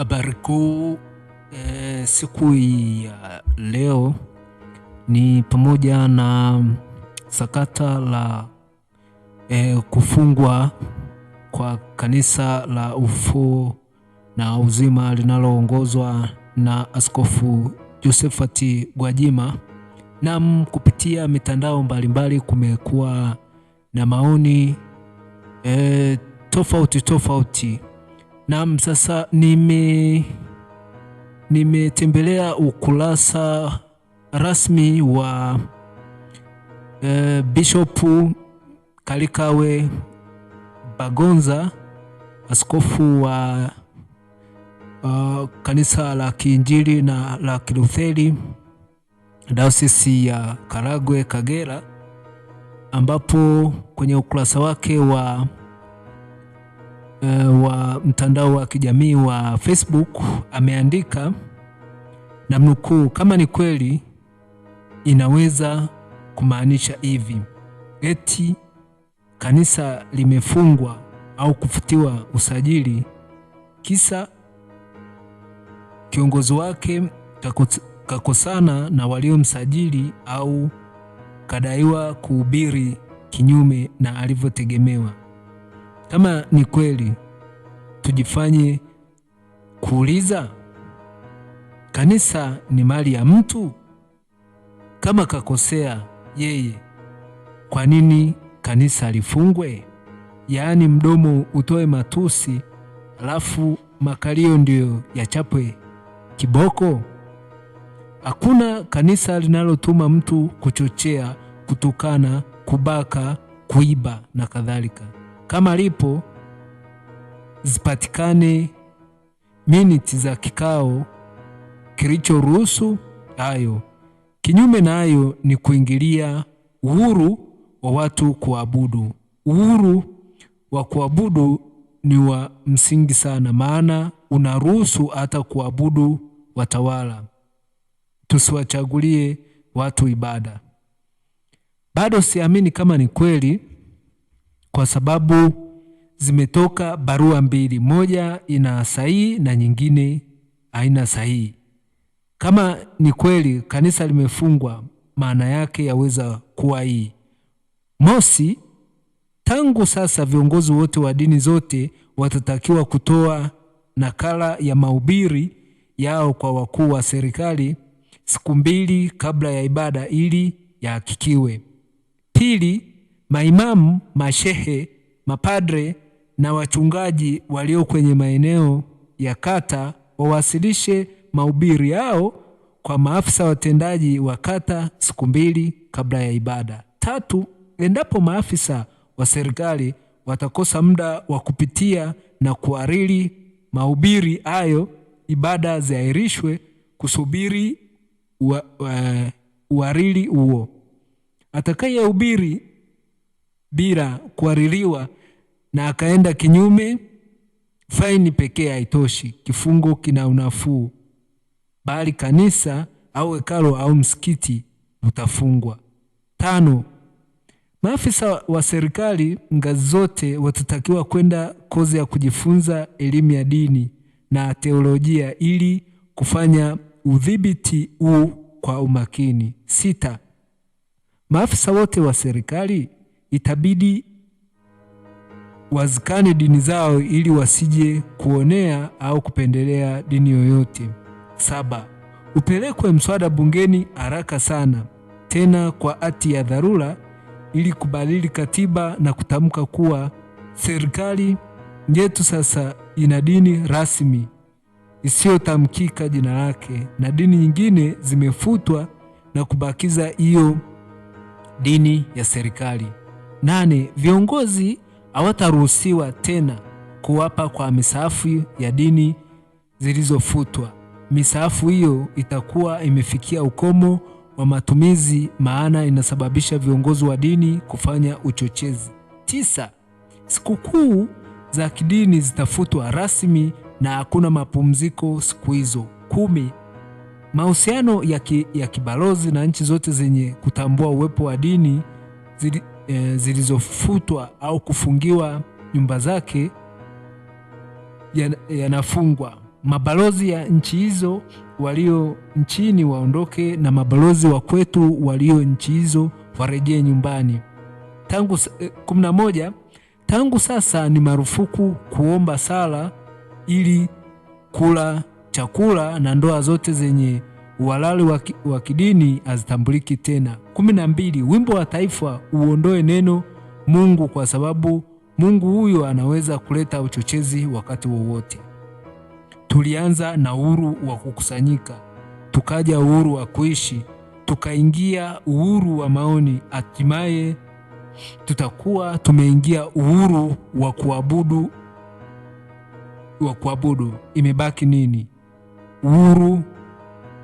Habari kuu e, siku ya leo ni pamoja na sakata la e, kufungwa kwa kanisa la Ufufuo na Uzima linaloongozwa na Askofu Josephati Gwajima. nam kupitia mitandao mbalimbali kumekuwa na maoni e, tofauti tofauti Naam, sasa nime nimetembelea ukurasa rasmi wa e, Bishop Kalikawe Bagonza askofu wa uh, kanisa la Kiinjili na la Kilutheri Dayosisi ya Karagwe Kagera, ambapo kwenye ukurasa wake wa uh, wa mtandao wa kijamii wa Facebook ameandika mnukuu, kama ni kweli inaweza kumaanisha hivi eti kanisa limefungwa au kufutiwa usajili kisa kiongozi wake kakosana na waliomsajili au kadaiwa kuhubiri kinyume na alivyotegemewa. Kama ni kweli tujifanye kuuliza, kanisa ni mali ya mtu. Kama kakosea yeye, kwa nini kanisa lifungwe? Yaani mdomo utoe matusi, alafu makalio ndiyo yachapwe kiboko? Hakuna kanisa linalotuma mtu kuchochea, kutukana, kubaka, kuiba na kadhalika kama lipo zipatikane miniti za kikao kilichoruhusu hayo. Kinyume nayo na ni kuingilia uhuru wa watu kuabudu. Uhuru wa kuabudu ni wa msingi sana, maana unaruhusu hata kuabudu watawala. Tusiwachagulie watu ibada. Bado siamini kama ni kweli kwa sababu zimetoka barua mbili, moja ina sahihi na nyingine haina sahihi. Kama ni kweli kanisa limefungwa, maana yake yaweza kuwa hii: mosi, tangu sasa viongozi wote wa dini zote watatakiwa kutoa nakala ya mahubiri yao kwa wakuu wa serikali siku mbili kabla ya ibada ili yahakikiwe. Pili, Maimamu, mashehe, mapadre na wachungaji walio kwenye maeneo ya kata wawasilishe mahubiri yao kwa maafisa watendaji wa kata siku mbili kabla ya ibada. Tatu, endapo maafisa wa serikali watakosa muda wa kupitia na kuhariri mahubiri hayo, ibada ziahirishwe kusubiri uhariri huo. Atakayehubiri bila kuaririwa na akaenda kinyume, faini pekee haitoshi, kifungo kina unafuu, bali kanisa au hekalo au msikiti utafungwa. Tano, maafisa wa serikali ngazi zote watatakiwa kwenda kozi ya kujifunza elimu ya dini na teolojia ili kufanya udhibiti huu kwa umakini. Sita, maafisa wote wa serikali itabidi wazikane dini zao ili wasije kuonea au kupendelea dini yoyote. Saba, upelekwe mswada bungeni haraka sana, tena kwa hati ya dharura, ili kubadili katiba na kutamka kuwa serikali yetu sasa ina dini rasmi isiyotamkika jina lake na dini nyingine zimefutwa na kubakiza hiyo dini ya serikali. Nane, viongozi hawataruhusiwa tena kuwapa kwa misaafu ya dini zilizofutwa. Misaafu hiyo itakuwa imefikia ukomo wa matumizi, maana inasababisha viongozi wa dini kufanya uchochezi. Tisa, sikukuu za kidini zitafutwa rasmi na hakuna mapumziko siku hizo. Kumi, mahusiano ya, ki, ya kibalozi na nchi zote zenye kutambua uwepo wa dini e, zilizofutwa au kufungiwa nyumba zake yanafungwa, ya mabalozi ya nchi hizo walio nchini waondoke na mabalozi wa kwetu walio nchi hizo warejee nyumbani. Tangu eh, moja tangu sasa ni marufuku kuomba sala ili kula chakula na ndoa zote zenye uhalali wa kidini hazitambuliki tena. kumi na mbili, wimbo wa taifa uondoe neno Mungu kwa sababu Mungu huyo anaweza kuleta uchochezi wakati wowote. Tulianza na uhuru wa kukusanyika, tukaja uhuru wa kuishi, tukaingia uhuru wa maoni, hatimaye tutakuwa tumeingia uhuru wa kuabudu wa kuabudu. Imebaki nini? Uhuru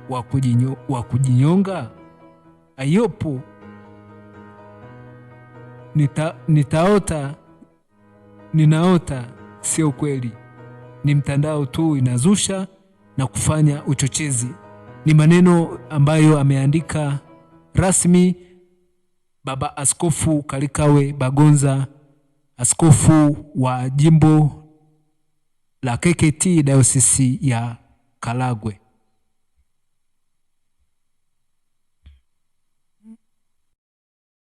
wa kujinyo, wa kujinyonga? Ayopo, nita, nitaota ninaota, sio kweli, ni mtandao tu inazusha na kufanya uchochezi. Ni maneno ambayo ameandika rasmi Baba Askofu Kalikawe Bagonza, askofu wa jimbo la KKT dayosisi ya Karagwe.